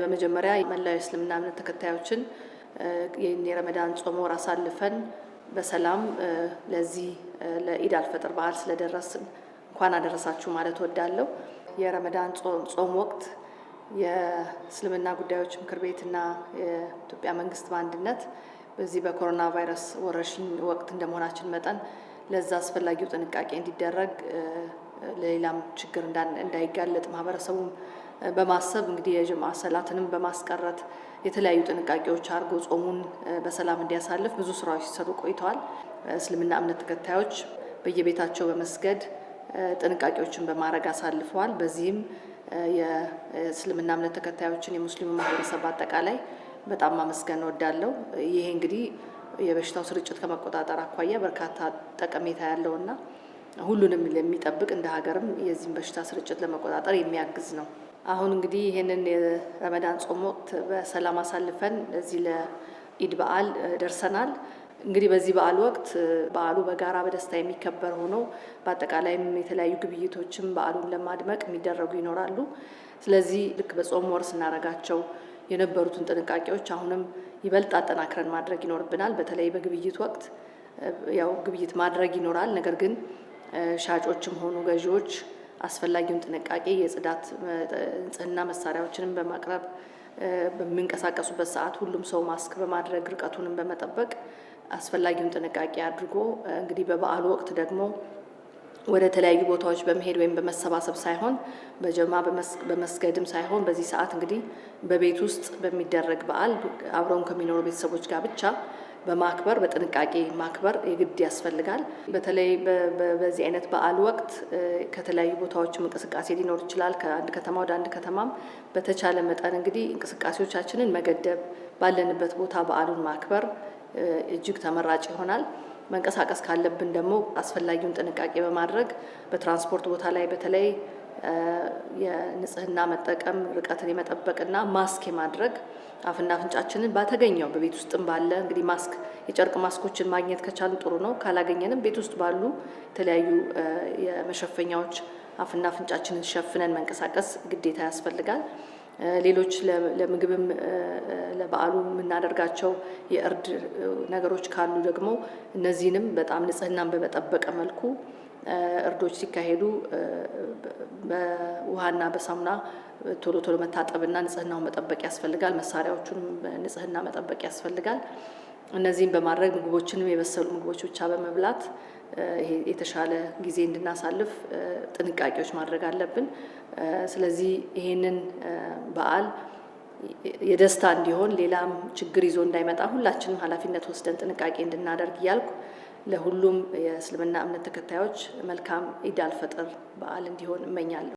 በመጀመሪያ መላው እስልምና እምነት ተከታዮችን ይህን የረመዳን ጾም ወር አሳልፈን በሰላም ለዚህ ለኢድ አልፈጥር በዓል ስለደረስ እንኳን አደረሳችሁ ማለት ወዳለሁ። የረመዳን ጾም ወቅት የእስልምና ጉዳዮች ምክር ቤትና የኢትዮጵያ መንግስት በአንድነት በዚህ በኮሮና ቫይረስ ወረርሽኝ ወቅት እንደመሆናችን መጠን ለዛ አስፈላጊው ጥንቃቄ እንዲደረግ ለሌላም ችግር እንዳይጋለጥ ማህበረሰቡም በማሰብ እንግዲህ የጅምዓ ሰላትንም በማስቀረት የተለያዩ ጥንቃቄዎች አድርጎ ጾሙን በሰላም እንዲያሳልፍ ብዙ ስራዎች ሲሰሩ ቆይተዋል። እስልምና እምነት ተከታዮች በየቤታቸው በመስገድ ጥንቃቄዎችን በማድረግ አሳልፈዋል። በዚህም የእስልምና እምነት ተከታዮችን የሙስሊሙ ማህበረሰብ አጠቃላይ በጣም ማመስገን እወዳለሁ። ይሄ እንግዲህ የበሽታው ስርጭት ከመቆጣጠር አኳያ በርካታ ጠቀሜታ ያለውና ሁሉንም የሚጠብቅ እንደ ሀገርም የዚህም በሽታ ስርጭት ለመቆጣጠር የሚያግዝ ነው። አሁን እንግዲህ ይህንን የረመዳን ጾም ወቅት በሰላም አሳልፈን ለዚህ ለኢድ በዓል ደርሰናል። እንግዲህ በዚህ በዓል ወቅት በዓሉ በጋራ በደስታ የሚከበር ሆኖ በአጠቃላይም የተለያዩ ግብይቶችም በዓሉን ለማድመቅ የሚደረጉ ይኖራሉ። ስለዚህ ልክ በጾም ወር ስናደርጋቸው የነበሩትን ጥንቃቄዎች አሁንም ይበልጥ አጠናክረን ማድረግ ይኖርብናል። በተለይ በግብይት ወቅት ያው ግብይት ማድረግ ይኖራል። ነገር ግን ሻጮችም ሆኑ ገዢዎች አስፈላጊውን ጥንቃቄ የጽዳት ንጽህና መሳሪያዎችንም በማቅረብ በሚንቀሳቀሱበት ሰዓት ሁሉም ሰው ማስክ በማድረግ ርቀቱንም በመጠበቅ አስፈላጊውን ጥንቃቄ አድርጎ እንግዲህ በበዓሉ ወቅት ደግሞ ወደ ተለያዩ ቦታዎች በመሄድ ወይም በመሰባሰብ ሳይሆን በጀማ በመስገድም ሳይሆን በዚህ ሰዓት እንግዲህ በቤት ውስጥ በሚደረግ በዓል አብረውን ከሚኖሩ ቤተሰቦች ጋር ብቻ በማክበር በጥንቃቄ ማክበር የግድ ያስፈልጋል። በተለይ በዚህ አይነት በዓል ወቅት ከተለያዩ ቦታዎችም እንቅስቃሴ ሊኖር ይችላል። ከአንድ ከተማ ወደ አንድ ከተማም በተቻለ መጠን እንግዲህ እንቅስቃሴዎቻችንን መገደብ፣ ባለንበት ቦታ በዓሉን ማክበር እጅግ ተመራጭ ይሆናል። መንቀሳቀስ ካለብን ደግሞ አስፈላጊውን ጥንቃቄ በማድረግ በትራንስፖርት ቦታ ላይ በተለይ የንጽህና መጠቀም ርቀትን የመጠበቅና ማስክ የማድረግ አፍና አፍንጫችንን ባተገኘው በቤት ውስጥም ባለ እንግዲህ ማስክ የጨርቅ ማስኮችን ማግኘት ከቻልን ጥሩ ነው። ካላገኘንም ቤት ውስጥ ባሉ የተለያዩ የመሸፈኛዎች አፍና አፍንጫችንን ሸፍነን መንቀሳቀስ ግዴታ ያስፈልጋል። ሌሎች ለምግብም ለበዓሉ የምናደርጋቸው የእርድ ነገሮች ካሉ ደግሞ እነዚህንም በጣም ንጽህናን በመጠበቀ መልኩ እርዶች ሲካሄዱ በውሃና በሳሙና ቶሎ ቶሎ መታጠብና ንጽህናውን መጠበቅ ያስፈልጋል። መሳሪያዎቹንም ንጽህና መጠበቅ ያስፈልጋል። እነዚህም በማድረግ ምግቦችንም የበሰሉ ምግቦች ብቻ በመብላት የተሻለ ጊዜ እንድናሳልፍ ጥንቃቄዎች ማድረግ አለብን። ስለዚህ ይሄንን በዓል የደስታ እንዲሆን ሌላም ችግር ይዞ እንዳይመጣ ሁላችንም ኃላፊነት ወስደን ጥንቃቄ እንድናደርግ እያልኩ ለሁሉም የእስልምና እምነት ተከታዮች መልካም ኢድ አልፈጥር በዓል እንዲሆን እመኛለሁ።